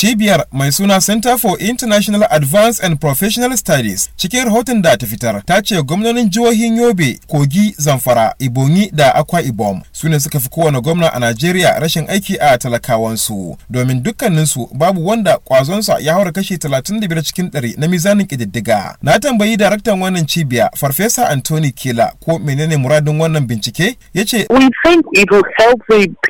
Cibiyar mai suna Center for International Advanced and Professional Studies cikin rahoton da ta fitar ta ce gwamnonin jihohin Yobe, Kogi, Zamfara, Ibonyi da Akwa Ibom su ne suka fi kowane gwamna a Najeriya rashin aiki a talakawansu domin dukkaninsu babu wanda kwazonsa ya haura kashi talatin 35 cikin 100 na mizanin kididdiga Na tambayi daraktan wannan cibiya Farfesa Anthony Kela ko menene muradin wannan bincike ya ce. We think it help the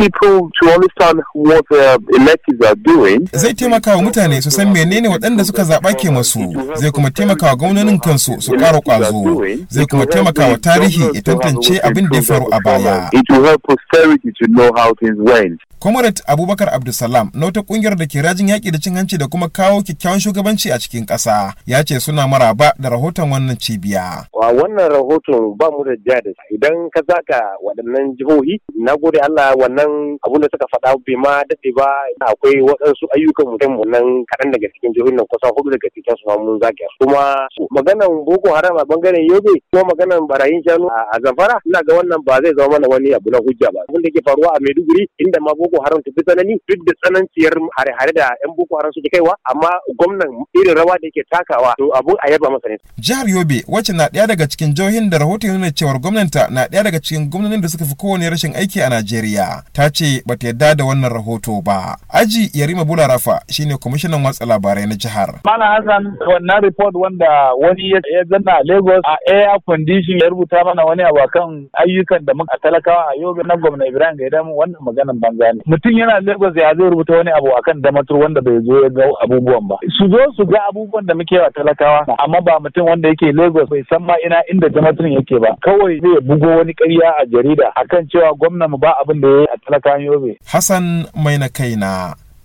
Zai taimaka wa mutane su san menene waɗanda suka zaɓa ke masu zai kuma taimaka wa gwamnonin kansu su ƙara ƙwazo zai kuma taimaka wa tarihi ya tantance abin da ya faru a baya. Comrade Abubakar Abdulsalam na wata ƙungiyar da ke rajin yaƙi da cin hanci da kuma kawo kyakkyawan shugabanci a cikin ƙasa ya ce suna maraba da rahoton wannan cibiya. Wa wannan rahoto ba mu da jadis idan ka zaka waɗannan jihohi na gode Allah wannan abun da suka faɗa bai ma daɗe ba akwai waɗansu ayyukan mutum kai nan kaɗan daga cikin jihohin nan kusan hudu daga cikin su mun zagaya kuma maganan boko haram a bangaren yobe kuma maganan barayin shanu a zamfara ina ga wannan ba zai zama mana wani abu na hujja ba abin da ke faruwa a maiduguri inda ma boko haram ta fi tsanani duk da tsananciyar hare-hare da yan boko haram suke kaiwa amma gwamnan irin rawa da yake takawa to abu a yaba masa ne. jihar yobe wacce na ɗaya daga cikin jihohin da rahoton nuna cewar gwamnanta na ɗaya daga cikin gwamnonin da suka fi kowane rashin aiki a najeriya ta ce bata yarda da wannan rahoto ba aji yarima bularafa shine kwamishinan watsa labarai na jihar. Mana Hassan wannan report wanda wani ya zanna a Lagos a air condition ya rubuta mana wani abu kan ayyukan da muka talakawa a yobe na gwamna Ibrahim Gaidam wannan maganan banza ne. Mutum yana Lagos ya zai rubuta wani abu akan damatur wanda bai zo ya ga abubuwan ba. Su zo su ga abubuwan da muke wa talakawa amma ba mutum wanda yake Lagos bai san ma ina inda damatur yake ba. Kawai zai bugo wani ƙarya a jarida akan cewa gwamna mu ba abin da ya yi a talakawan yobe. Hassan mai na kaina